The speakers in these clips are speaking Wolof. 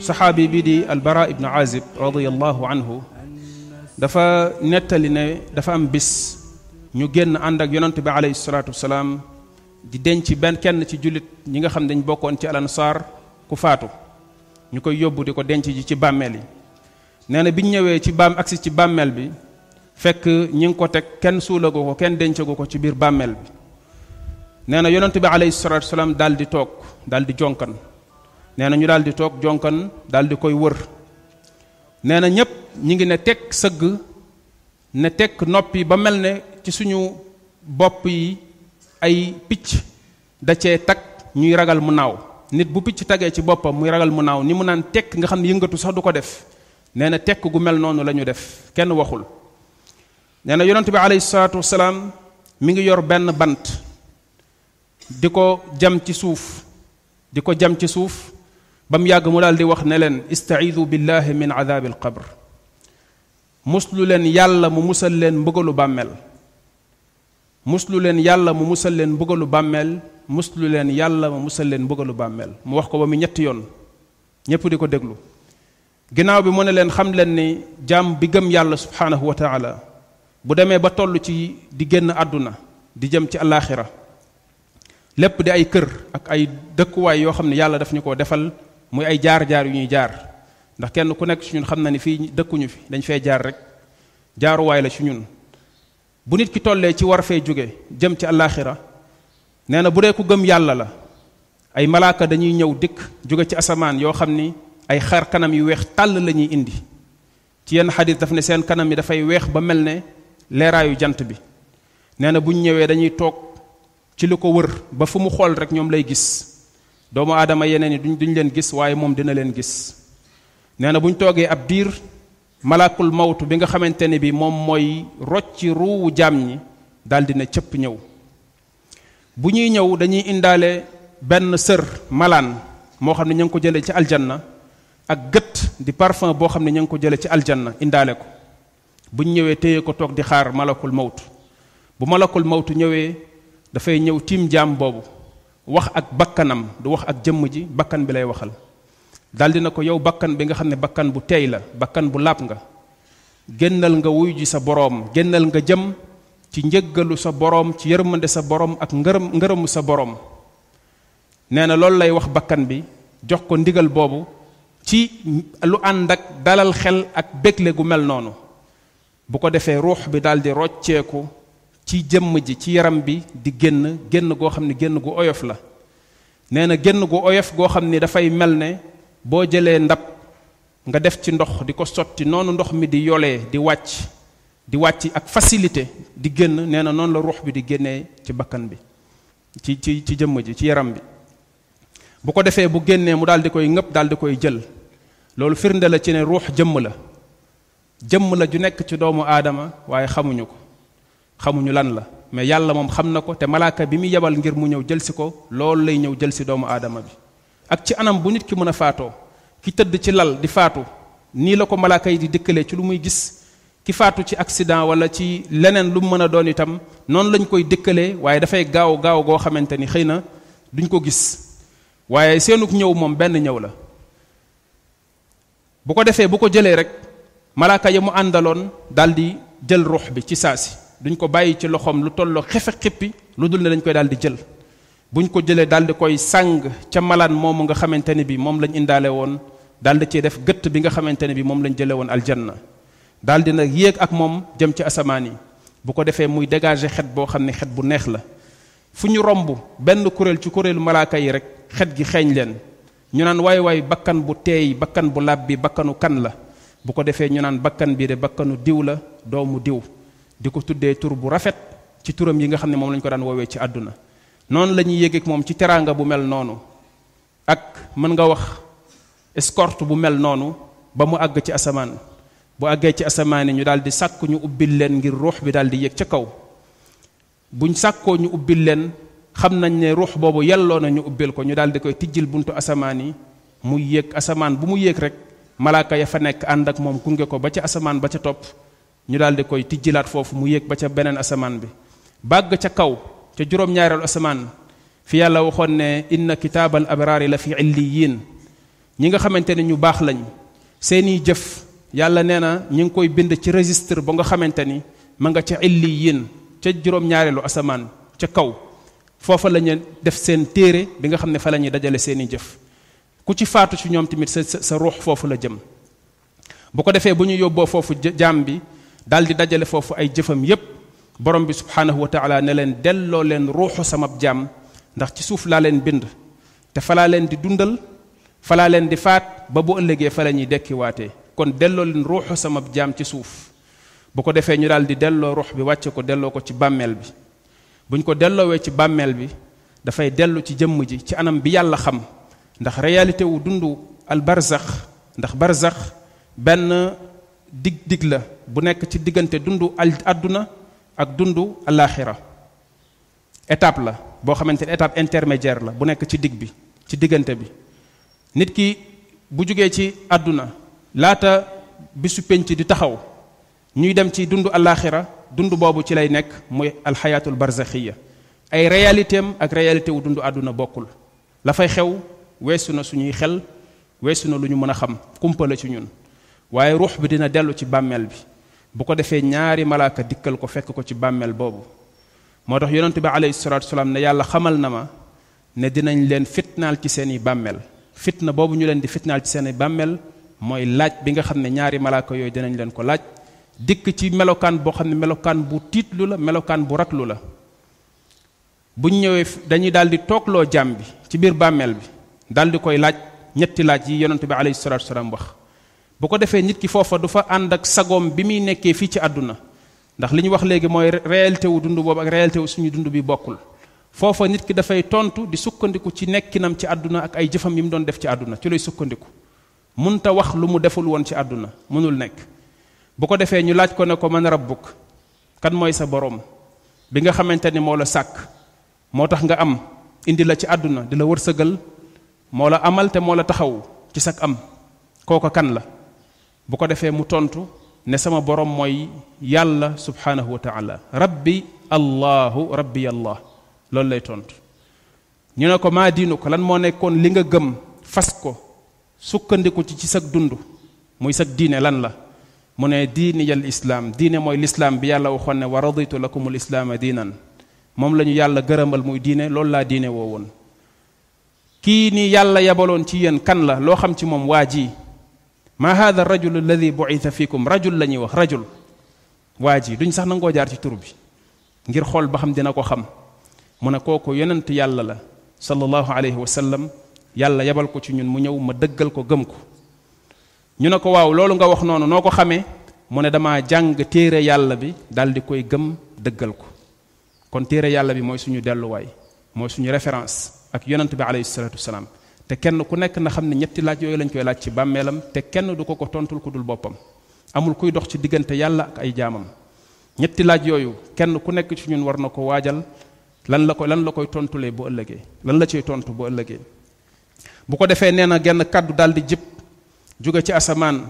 صحابي بدي البراء بن عازب رضي الله عنه دفا نتالي ني دفا ام بس ني ген اندك يونتبي عليه الصلاه والسلام دي دنتي بان كين سي جوليت نيغا خام دنج بوكون سي الانصار كو فاتو نيكو يوبو ديكو دنتي جي سي باميلي نانا بي نيوي سي بام اكسي سي باميل بي فك نيغ تك كان سولاغو وكان كين دنتيغو كو سي بير باميل بي نانا يونتبي عليه الصلاه والسلام دال دي توك دال دي جونكان nee na ñu daal di toog jonkan daal di koy wër nee na ñépp ñi ngi ne tekk sëgg ne tekk noppi ba mel ne ci suñu bopp yi ay picc da cee tag ñuy ragal mu naaw nit bu picc tagee ci boppam muy ragal mu naaw ni mu naan tekk nga xam ne yëngatu sax du ko def nee na tekk gu mel noonu la def kenn waxul nee na yonent bi alayhi salaatu wasalaam mi ngi yor benn bant di ko jam ci suuf di ko jam ci suuf ba mu yàgg mu daal di wax ne leen istaidu billahi min adabi alqabr muslu leen yàlla mu musal leen mbëgalu bàmmeel muslu leen yàlla mu musal leen mbëgalu bàmmeel muslu leen yàlla mu musal leen mbëgalu bàmmeel mu wax ko ba mu ñetti yoon ñépp di ko déglu ginnaaw bi mu ne leen xam leen ni jaam bi gëm yàlla subhaanahu wa taala bu demee ba toll ci di génn àdduna di jëm ci alaaxira lépp di ay kër ak ay dëkkuwaay yoo xam ne yàlla daf ñu ko defal muy ay jaar jaar yu ñuy jaar ndax kenn ku nekk si ñun xam na ni fii dëkkuñu fi dañ fee jaar rek jaaruwaay la si ñun bu nit ki tollee ci war fee jóge jëm ci alaxira nee na bu dee ku gëm yàlla la ay malaaka dañuy ñëw dikk jóge ci asamaan yoo xam ni ay xar kanam yu weex tàll la ñuy indi ci yenn xadis daf ne seen kanam yi dafay weex ba mel ne leeraayu jant bi nee na buñ ñëwee dañuy toog ci li ko wër ba fu mu xool rek ñoom lay gis doomu aadama yeneen yi duñ duñu leen gis waaye moom dina leen gis nee na bu ñu toogee ab diir malakul mawtu bi nga xamante ne bi moom mooy rocci ruuwu jaam ñi daldi na cëpp ñëw bu ñuy ñëw dañuy indaale benn sër malaan moo xam ne ña ngi ko jële ci aljanna ak gëtt di parfum boo xam ne ña ngi ko jële ci aljanna indaale ko bu ñu ñëwee téye ko toog di xaar malakul mawtu bu malakul mawtu ñëwee dafay ñëw tiim jaam boobu wax ak bakkanam du wax ak jëmm ji bakkan bi lay waxal daldi na ko yow bakkan bi nga xam ne bakkan bu teey la bakkan bu laab nga génnal nga wuyu ji sa boroom génnal nga jëm ci njëggalu sa boroom ci yërmande sa boroom ak ngërëm ngërëmu sa boroom nee na loolu lay wax bakkan bi jox ko ndigal boobu ci lu ànd ak dalal xel ak bégle gu mel noonu bu ko defee ruux bi daldi rocceeku ci jëmm ji ci yaram bi di génn génn goo xam ne génn gu oyof la nee na génn gu oyof goo xam ni dafay mel ne boo jëlee ndab nga def ci ndox di ko sotti noonu ndox mi di yolee di wàcc di wàcc ak facilité di génn nee na noonu la ruux bi di génnee ci bakkan bi ci ci ci jëmm ji ci yaram bi bu ko defee bu génnee mu daal di koy ŋëpp daal di koy jël loolu firnde la ci ne ruux jëmm la jëmm la ju nekk ci doomu aadama waaye xamuñu ko xamuñu lan la mais yàlla moom xam na ko te malaaka bi mu yebal ngir mu ñëw jël si ko loolu lay ñëw jël si doomu aadama bi ak ci anam bu nit ki mën a faatoo ki tëdd ci lal di faatu nii la ko malaaka yi di dëkkalee ci lu muy gis ki faatu ci accident wala ci leneen lu mu mën a doon itam noonu lañ koy dëkkalee waaye dafay gaaw gaaw goo xamante ni xëy na duñ ko gis waaye seenuk ñëw moom benn ñëw la bu ko defee bu ko jëlee rek malaaka ya mu àndaloon daldi jël ruux bi ci saasi duñ ko bàyyi ci loxoom lu tolloo xefe xippi lu dul ne dañ koy daal di jël ñu ko jëlee daal di koy sàng ca malaan moomu nga xamante ne bi moom lañ indaale woon daal di def gëtt bi nga xamante ne bi moom lañu jëlee woon aljanna daal di nag yéeg ak moom jëm ci asamaan yi bu ko defee muy dégager xet boo xam ne xet bu neex la fu ñu romb benn kuréel ci kuréelu malaaka yi rek xet gi xeeñ leen ñu naan waay waay bakkan bu teey bakkan bu làbbi bakkanu kan la bu ko defee ñu naan bakkan bi de bakkanu diw la doomu diw di ko tuddee tur bu rafet ci turam yi nga xam ne moom lañ ko daan woowee ci àdduna noonu la ñuy yégeek moom ci teraanga bu mel noonu ak mën nga wax escorte bu mel noonu ba mu àgg ci asamaan bu àggee ci asamaan yi ñu daal di sàkk ñu ubbil leen ngir ruux bi daal di yéeg ca kaw buñ sàkkoo ñu ubbil leen xam nañ ne ruux boobu yelloo na ñu ubbil ko ñu daal di koy tijjil buntu asamaan yi mu yéeg asamaan bu mu yéeg rek malaaka ya fa nekk ànd ak moom gunge ko ba ca asamaan ba ca topp ñu daal di koy tijjilaat foofu mu yéeg ba ca beneen asamaan bi bàgg ca kaw ca juróom-ñaareelu asamaan fi yàlla waxoon ne inna kitaabal abraari la fi illiyin ñi nga xamante ne ñu baax lañ seeni jëf yàlla nee na ñu ngi koy bind ci registre ba nga xamante ni ma nga ca illiyin ca juróom-ñaareelu asamaan ca kaw foofa la ñu def seen téere bi nga xam ne fa lañuy ñuy dajale seeni jëf ku ci faatu ci ñoom tamit sa sa ruux foofu la jëm bu ko defee bu ñu yóbboo foofu jaam bi dal di dajale fofu ay jëfëm yépp borom bi subhanahu wa taala ne leen delloo leen ruuxu samab jam ndax ci suuf laa leen bind te falaa leen di dundal falaa leen di faat ba bu ëllëgee fa la ñuy dekkiwaatee kon delloo leen ruuxu samab jam ci suuf bu ko defee ñu dal di delloo ruux bi wàcce ko delloo ko ci bàmmeel bi buñ ko delloowee ci bàmmeel bi dafay dellu ci jëmm ji ci anam bi yàlla xam ndax réalité wu dundu al barzax ndax barzax benn dig dig la bu nekk ci diggante dundu al àdduna ak dundu alaxira étape la boo xamante ne étape intermédiaire la bu nekk ci dig bi ci diggante bi nit ki bu jógee ci àdduna laata bisu penc di taxaw ñuy dem ci dundu alaxira dund boobu ci lay nekk muy alxayatul barzaxiya ay réalité ak réalité wu dundu àdduna bokkul la fay xew weesu na suñuy xel weesu na lu ñu mën a xam kumpa ci ñun waaye ruux bi dina dellu ci bàmmeel bi bu ko defee ñaari malaaka dikkal ko fekk ko ci bàmmeel boobu moo tax bi alayhi salatu salaam ne yàlla xamal na ma ne dinañ leen fitnaal ci seen i bàmmeel fitna boobu ñu leen di fitnaal ci seen i bàmmeel mooy laaj bi nga xam ne ñaari malaaka yooyu dinañ leen ko laaj dikk ci melokaan boo xam ne melokaan bu tiitlu la melokaan bu lu la bu ñëwee dañuy daal di toogloo bi ci biir bàmmeel bi daal di koy laaj ñetti laaj yi yonent bi alayhi salatu salaam wax bu ko defee nit ki foofa du fa ànd ak sagoom bi muy nekkee fii ci àdduna ndax li ñu wax léegi mooy réalité wu dund boobu ak réalité wu suñu dund bi bokkul foofa nit ki dafay tontu di sukkandiku ci nekkinam ci àdduna ak ay jëfam yi mu doon def ci àdduna ci lay sukkandiku munta wax lu mu deful woon ci àdduna mënul nekk bu ko defee ñu laaj ko ne ko mën rab rabbuk kan mooy sa borom bi nga xamante ni moo la sàkk moo tax nga am indi la ci àdduna di la wërsëgal moo la amal moo la taxaw ci sak am kooko kan la bu ko defee mu tontu ne sama borom mooy yàlla subhanahu wa taala rabbi allahu rabbi allah loolu lay tontu ñu ne ko maa diinu ko lan moo nekkoon li nga gëm fas ko sukkandiku ci ci sag dund muy sag diine lan la mu ne diini yal islam diine mooy lislaam bi yàlla waxoon ne wa raditu lakum l islaama diinan moom la ñu yàlla gërëmal muy diine loolu laa diine woowoon kii ni yàlla yabaloon ci yéen kan la loo xam ci moom waa jii ما هذا الرجل الذي بعث فيكم رجل لن يوخ رجل واجي دون سخنا نغو جار تربي نغير خول بخم دينا كو خم منا كوكو يننت يالا صلى الله عليه وسلم يالا يبال كو تنين منيو مدقل كو غمكو نينا كو واو لولو نغا وخ نونو نوكو خمي منا دما جانج تيري يالا بي دال دي كوي غم دقل كو كون تيري يالا بي موي سنو دلو واي موي سنو رفرانس اك يننت بي عليه الصلاة والسلام te kenn ku nekk na xam ne ñetti laaj yooyu lañ koy laaj ci bàmmeelam te kenn du ko ko tontul ku dul boppam amul kuy dox ci diggante yàlla ak ay jaamam ñetti laaj yooyu kenn ku nekk ci ñun war na ko waajal lan la ko lan la koy tontulee bu ëllëgee lan la ciy tontu bu ëllëgee bu ko defee nee na genn kàddu daal di jib juge ci asamaan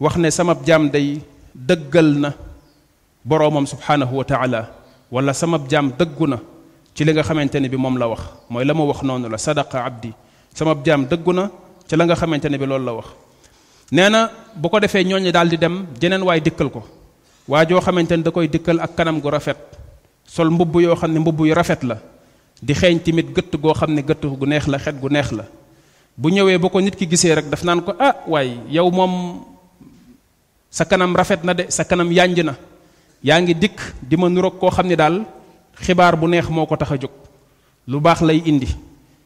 wax ne sama jaam day dëggal na boroomam subhanahu wa taala wala sama jaam dëggu na ci li nga xamante ne bi moom la wax mooy la ma wax noonu la sadaqa abdi sama jam deuguna ci la nga xamantene bi loolu la wax neena bu ko defee ñooñu daal di dem jeneen waay dikkal ko waa joo xamantene da koy dikkal ak kanam gu rafet sol mbubb yoo xam ne mbubb yu rafet la di xeeñ timit gëtt goo xam ne gëtt gu neex la xet gu neex la bu ñëwee bu ko nit ki gisee rek daf naan ko ah waay yow moom sa kanam rafet na de sa kanam yànj na yaa ngi dikk di ma nurok koo xam ne daal xibaar bu neex moo ko tax a jóg lu baax lay indi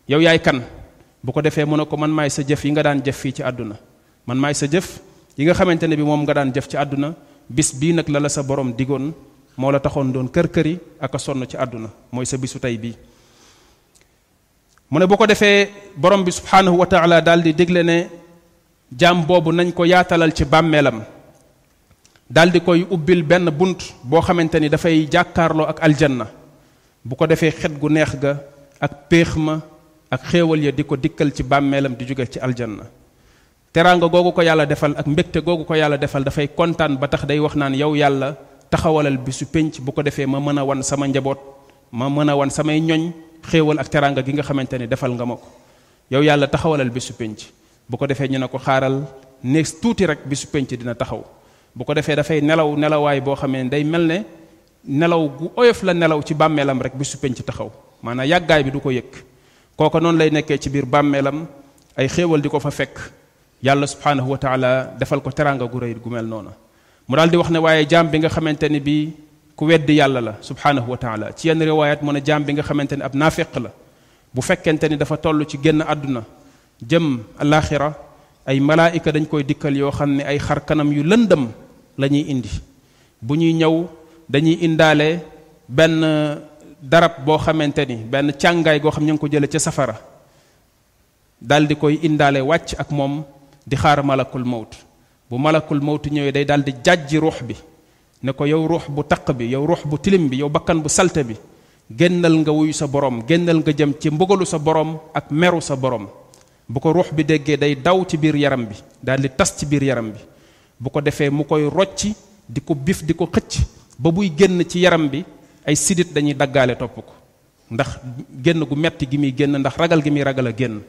yow yaay kan bu ko defee mu ne ko man maay sa jëf yi nga daan jëf ci àdduna man maay sa jëf yi nga xamante ne bi moom nga daan jëf ci àdduna bis bii nag la la sa borom digoon moo la taxoon doon kër-këri ak a sonn ci àdduna mooy sa bisu tey bii mu ne bu ko defee borom bi subhaanahu wa taala daal di digle ne jaam boobu nañ ko yaatalal ci bàmmeelam daldi koy ubbil benn bunt boo xamante ni dafay jàkkaarloo ak aljanna bu ko defee xet gu neex ga ak péex ma ak xewal ya diko ko dikkal ci bammelam di jugal ci aljanna teranga googu ko yàlla defal ak mbekte googu ko yàlla defal fay kontaan ba tax day wax nan yow yàlla taxawalal bisu penc bu ko defee ma mën wan sama njabot ma mën wan sama ñoñ xewal ak teranga gi nga xamanteni defal nga mako yow yàlla taxawalal bisu penc bu ko defee ñu ne ko xaaral next tuuti rek bisu penc dina taxaw bu ko defee fay nelaw nelawaay boo xamee day mel ne nelaw gu oyof la nelaw ci bàmmeelam rek bisu penc taxaw maanaam yàggaay bi du ko yëkk koko non lay nekké ci bir bàmmeelam ay xéewal diko fa fekk yàlla subhanahu wa taala defal ko teranga gu reuy gu mel nona mu daldi wax ne waye jaam bi nga xamanteni bi ku weddi yàlla la subhanahu wa taala ci yenn riwayat mo ne jaam bi nga xamanteni ab nafiq la bu fekkenteni dafa tollu ci génn aduna jëm al alaxira ay malaika dañ koy dikkal yo xam ay xar kanam yu lëndëm lañuy indi bu ñuy ñëw dañuy indalé ben darab boo xamante ni benn càngaay goo xam ñu ko jële ca safara dal di koy indaale wàcc ak moom di xaar malakul mawt bu malakul mawt ñëwee day daal di jàjji ruux bi ne ko yow ruux bu taq bi yow ruux bu tilim bi yow bakkan bu salte bi génnal nga wuyu sa borom génnal nga jëm ci mbugalu sa borom ak meru sa borom bu ko ruux bi déggee day daw ci biir yaram bi daal di tas ci biir yaram bi bu ko defee mu koy rocci di ko bif di ko xëcc ba buy génn ci yaram bi ay sidit dañuy daggaale topp ko ndax génn gu metti gi muy génn ndax ragal gi muy ragal a génn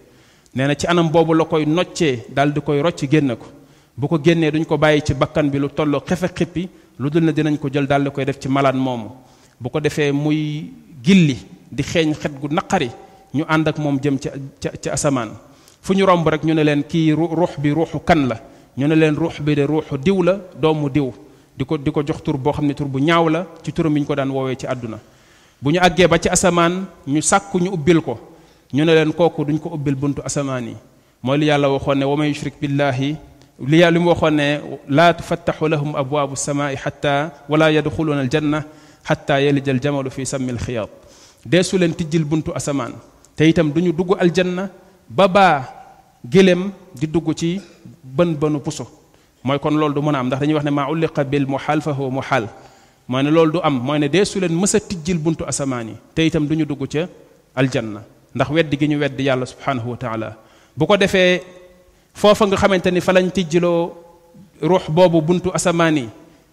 nee na ci anam boobu la koy noccee daal di koy rocc génn ko bu ko génnee duñ ko bàyyi ci bakkan bi lu toll xefe xippi lu dul na dinañ ko jël daal di koy def ci malaan moomu bu ko defee muy gilli di xeeñ xet gu naqari ñu ànd ak moom jëm ca ca ca asamaan fu ñu romb rek ñu ne leen kii ruux bi ruuxu kan la ñu ne leen ruux bi de ruuxu diw la doomu diw diko diko jox tour bo xam tour bu ñaaw la ci turam yi ñu ko daan wowe ci aduna bu ñu ba ci asaman ñu sàkku ñu ubbil ko ñu ne len koku duñ ko ubbil buntu asamani moy li yàlla waxone wa yushrik billahi li yàlla lim waxone la tuftahu lahum abwaabu samaai hatta wala yadkhuluna aljanna hatta yalija aljamalu fi sammi alxiyaat desu len tijjil buntu asaman te itam duñu duggu aljanna baba gëlem di duggu ci ban banu puso moy kon lolou du mën a am ndax dañuy wax ne ma ulliqa bil muxal fa huwa muxal mooy ne du am moy ne desu len mës a tijjil buntu asamaan te itam duñu ñu dugg ca aljanna ndax weddi gi ñu weddi yàlla subhanahu wa taala bu ko defé foofa nga xamanteni fa lañ tijjiloo ruh bobu buntu asamaan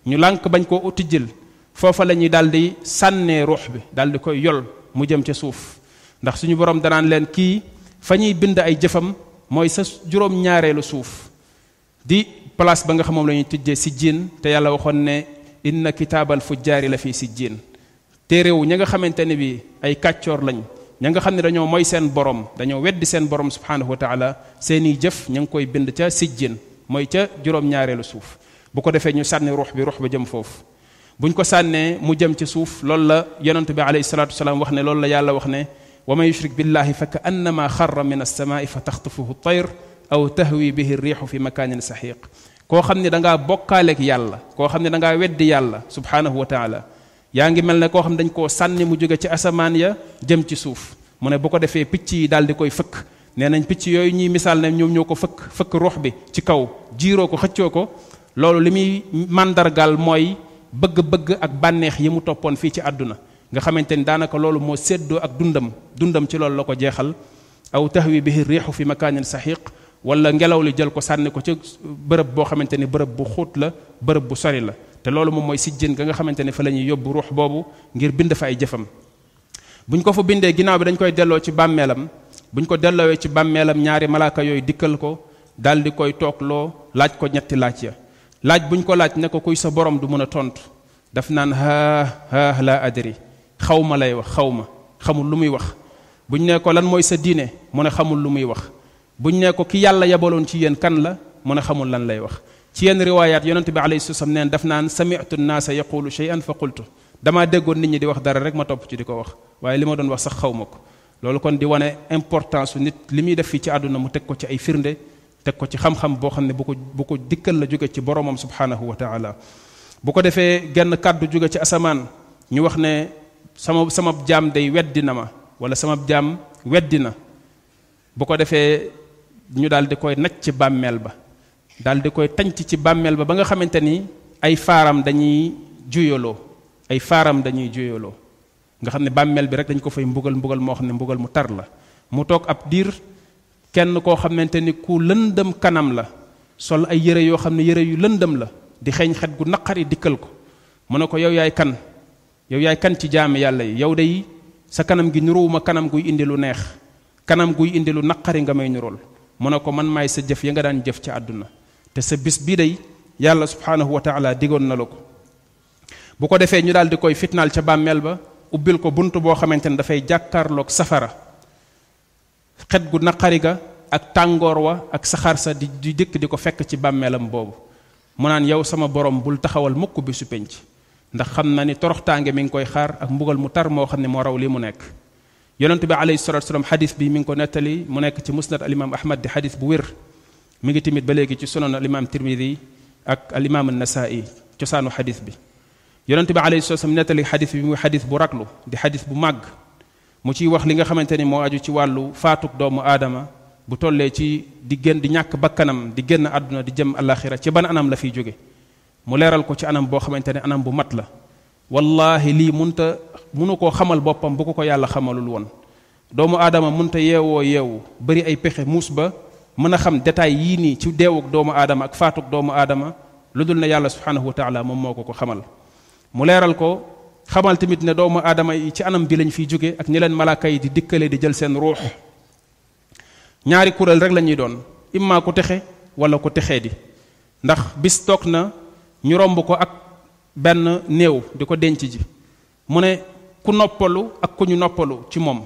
ñu lànk bañ koo tijjil foofa la ñuy daal di bi daldi koy yol mu jëm ci suuf ndax suñu borom da nan len ki ñuy bind ay jëfam moy sa juróom ñaarelu suuf di place ba nga xam moom la ñuy tujjee sijjiin te yàlla waxoon ne inna kitaabal fujjaari la fii sijjiin téere wu ña nga xamante ne bi ay kàccoor lañ ña nga xam ne dañoo mooy seen borom dañoo weddi seen borom subhanahu wa taala seeni jëf ña ngi koy bind ca sijjin mooy ca juróom-ñaareelu suuf bu ko defee ñu sànni ruux bi ruux ba jëm foofu buñ ko sànnee mu jëm ci suuf loolu la yonent bi alayhi salatu wasalaam wax ne loolu la yàlla wax ne wa man yushrik billahi fa ka annama xarra min alsamaai fa taxtafuhu tayr aw tahwi bihi riixu fi makanin saxiq koo xam ne da ngaa bokkaaleeg yàlla koo xam ne da ngaa weddi yàlla subhanahu wa taala yaa ngi mel ne koo xam dañ koo sànni mu jóge ci asamaan ya jëm ci suuf mu ne bu ko defee picc yi daal di koy fëkk nee nañ picc yooyu ñuy misaal ne ñoom ñoo ko fëkk fëkk ruux bi ci kaw jiiroo ko xëccoo ko loolu li muy màndargaal mooy bëgg-bëgg ak bànneex yi mu toppoon fii ci àdduna nga xamante ni daanaka loolu moo séddoo ak dundam dundam ci loolu la ko jeexal aw tahwi bihi riixu fi makaanin saxiq wala ngelaw li jël ko sànni ko ci bërëb boo xamante ni bërëb bu xóot la bërëb bu sori la te loolu moom mooy sijjën ga nga xamante ne fa la ñuy yóbbu ruux boobu ngir bind fa ay jëfam buñ ko fa bindee ginnaaw bi dañ koy delloo ci bàmmeelam buñ ko delloowee ci bàmmeelam ñaari malaaka yooyu dikkal ko daal di koy toogloo laaj ko ñetti laaj ya laaj buñ ko laaj ne ko kuy sa borom du mën a tontu daf naan ha ha la adri xaw ma lay wax xaw ma xamul lu muy wax buñ ne ko lan mooy sa diine mu ne xamul lu muy wax buñ ne ko ki yàlla yebaloon ci yéen kan la mu ne xamul lan lay wax ci yéen riwayat yonente bi alayhi salaam neen daf naan sami'tu an-nasa yaqulu shay'an fa qultu dama déggoon nit ñi di wax dara rek ma topp ci di ko wax waaye li ma doon wax sax xaw ma ko loolu kon di wane importance nit li muy def fii ci àdduna mu teg ko ci ay firnde teg ko ci xam-xam boo xam ne bu ko bu ko dikkal la jóge ci boromam subhanahu wa taala bu ko defee genn kàddu jóge ci asamaan ñu wax ne sama sama jaam day weddi na ma wala sama jaam weddi na bu ko defee ñu daal di koy naj ci bàmmeel ba daal di koy tanc ci bàmmeel ba ba nga xamante ni ay faaram dañuy juyaloo ay faaram dañuy juyaloo nga xam ne bàmmeel bi rek dañ ko fay mbugal mbugal moo xam ne mbugal mu tar la mu toog ab diir kenn koo xamante ni ku lëndëm kanam la sol ay yëre yoo xam ne yëre yu lëndëm la di xeeñ xet gu naqari dikkal ko mu ne ko yow yaay kan yow yaay kan ci jaami yàlla yi yow day sa kanam gi nuruwuma kanam guy indi lu neex kanam guy indi lu naqari nga may nurul mu ne ko man maay sa jëf ya nga daan jëf ci àdduna te sa bis bi day yàlla subhanahu wa taala digoon na la ko bu ko defee ñu daal di koy fitnaal ca bàmmeel ba ubbil ko bunt boo xamante ne dafay jàkkaarloog safara xet gu naqari ga ak tàngoor wa ak saxar sa di di dëkk di ko fekk ci bàmmeelam boobu mu naan yow sama borom bul taxawal mukk bi su penc ndax xam na ni toroxtaange mi ngi koy xaar ak mbugal mu tar moo xam ne moo raw li mu nekk yonent bi alayhi salatu wasalam xadis bi mi ko nettali mu nekk ci musnad alimam ahmad di hadith bu wér mi ngi tamit ba ci sunan alimam tirmidhi ak alimam nasai cosaanu hadith bi yonent bi alayhi salatu wasalam nettali xadis bi muy xadis bu raglu di xadis bu màgg mu ciy wax li nga xamante ni moo aju ci wàllu faatuk doomu aadama bu tollee ci di génn di ñàkk bakkanam di génn àdduna di jëm alaxira ci ban anam la fiy jóge mu leeral ko ci anam boo xamante anam bu mat la والله لي منت منوكو خمل بوبام بوكو يالا خمالول وون دومو ادم منت ييو ييو بري اي بخي موسبا منا خم ديتاي يي ني تي دومو ادم اك فاتوك دومو ادم لودول نيا يالا سبحانه وتعالى موم موكو خمال مو ليرال كو خمال دومو ادم اي تي انام بي في جوغي اك نيلن ملائكه دي ديكلي دي جيل روح ñaari kurel الرجل lañuy إما imma ku texe wala ko texe di ndax benn néew di ko denc ji mu ne ku noppalu ak ku ñu noppalu ci moom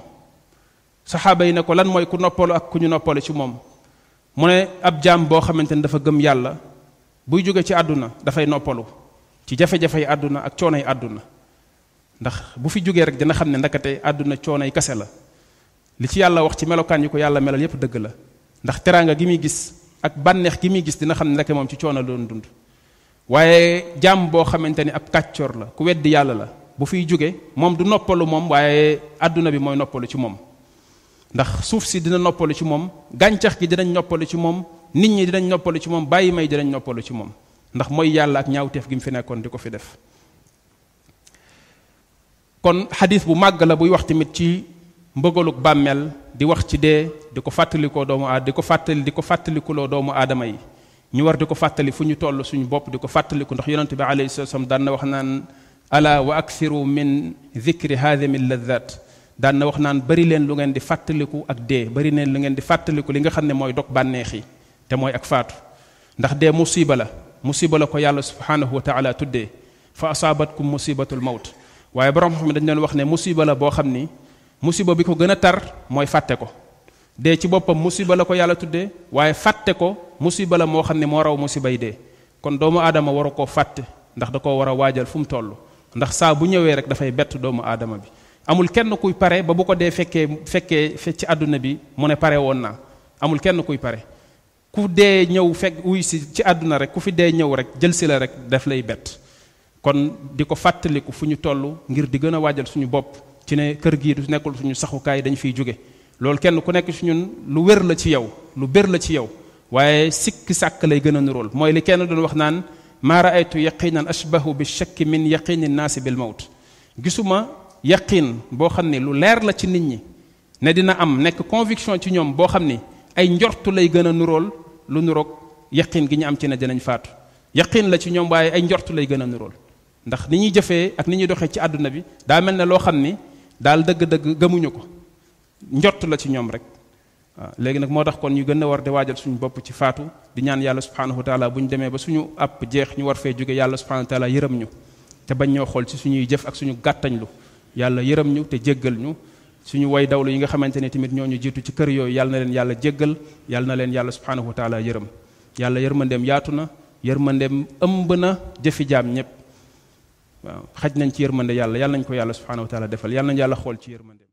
saxaaba yi ne ko lan mooy ku noppalu ak ku ñu noppalu ci moom mu ne ab jaam boo xamante ni dafa gëm yàlla buy jóge ci àdduna dafay noppalu ci jafe-jafey àdduna ak coonay àdduna ndax bu fi jógee rek dina xam ne ndakate àdduna coonay kase la li ci yàlla wax ci melokaan yi ko yàlla melal yépp dëgg la ndax teraanga gi muy gis ak bànneex gi muy gis dina xam ne ndeke moom ci coono la dund waaye jaam boo xamante ni ab kàccoor la ku weddi yàlla la bu fiy jóge moom du noppalu moom waaye àdduna bi mooy noppalu ci moom ndax suuf si dina noppalu ci moom gàncax gi dinañ noppalu ci moom nit ñi dinañ noppalu ci moom bàyyi may dinañ noppalu ci moom ndax mooy yàlla ak ñaawteef gi mu fi nekkoon di ko fi def kon xadis bu màgg la buy wax tamit ci mbëgaluk bàmmeel di wax ci dee di ko fàttalikoo doomu aad di ko fàttali di ko fàttalikuloo doomu aadama yi ñu war di ko fàttali fu ñu toll suñu bopp di ko fàttaliku ndax yonente bi alayhi salam daan na wax naan ala wa aksiru min dhikri hadimi ladat daan na wax naan bari leen lu ngeen di fàttaliku ak dee bari leen lu ngeen di fàttaliku li nga xam ne mooy dog bànneex yi te mooy ak faatu ndax dee musiba la musiba la ko yàlla subhanahu wa taala tuddee fa asabatkum musibatul maut waaye borom xam dañ leen wax ne musiba la boo xam ni musiba bi ko gën a tar mooy fàtte ko dee ci boppam musiba la ko yàlla tuddee waaye fàtte ko musiba la moo xam ne moo raw musibay dee kon doomu aadama waru koo fàtte ndax da koo war a waajal fu mu toll ndax saa bu ñëwee rek dafay bett doomu aadama bi amul kenn kuy pare ba bu ko dee fekkee fekkee ci àdduna bi mu ne pare woon naa amul kenn kuy pare ku dee ñëw fekk wuy si ci àdduna rek ku fi dee ñëw rek jël si la rek daf lay bett kon di ko fàttaliku fu ñu toll ngir di gën a waajal suñu bopp ci ne kër gii du nekkul suñu saxukaay dañu fiy jóge loolu kenn ku nekk ci ñun lu wér la ci yow lu bér la ci yow waaye sikki sàkk lay gën a nuróol mooy li kenn doon wax naan maa raaytu yaqinan ashbahu bi shakki min yaqini naasi bil mawt gisuma yaqin boo xam ne lu leer la ci nit ñi ne dina am nekk conviction ci ñoom boo xam ni ay njortu lay gën a nuróol lu nuroog yaqin gi ñu am ci ne dinañ faatu yaqin la ci ñoom waaye ay njortu lay gën a nuróol ndax ni ñuy jëfee ak ni ñuy doxee ci àdduna bi daa mel ne loo xam ni daal dëgg-dëgg gëmuñu ko njort la ci ñoom rek waaw léegi nag moo tax kon ñu gën a war di waajal suñu bopp ci faatu di ñaan yàlla subhanahu wa taala bu ñu demee ba suñu àpp jeex ñu war fee jóge yàlla subhanahu wa taala yërëm ñu te bañ ñoo xool ci suñuy jëf ak suñu gàttañlu yàlla yërëm ñu te jéggal ñu suñu way dawlu yi nga xamante ne tamit ñoo ñu jiitu ci kër yooyu yàlla na leen yàlla jéggal yàlla na leen yàlla subhanahu wa taala yërëm yàlla yërmandeem yaatu na yërmandeem ëmb na jëfi jaam ñëpp waaw xaj nañ ci yërmande yàlla yàlla nañ ko yàlla subhanahu wa taala defal yàlla nañ yàlla xool ci yërmandeem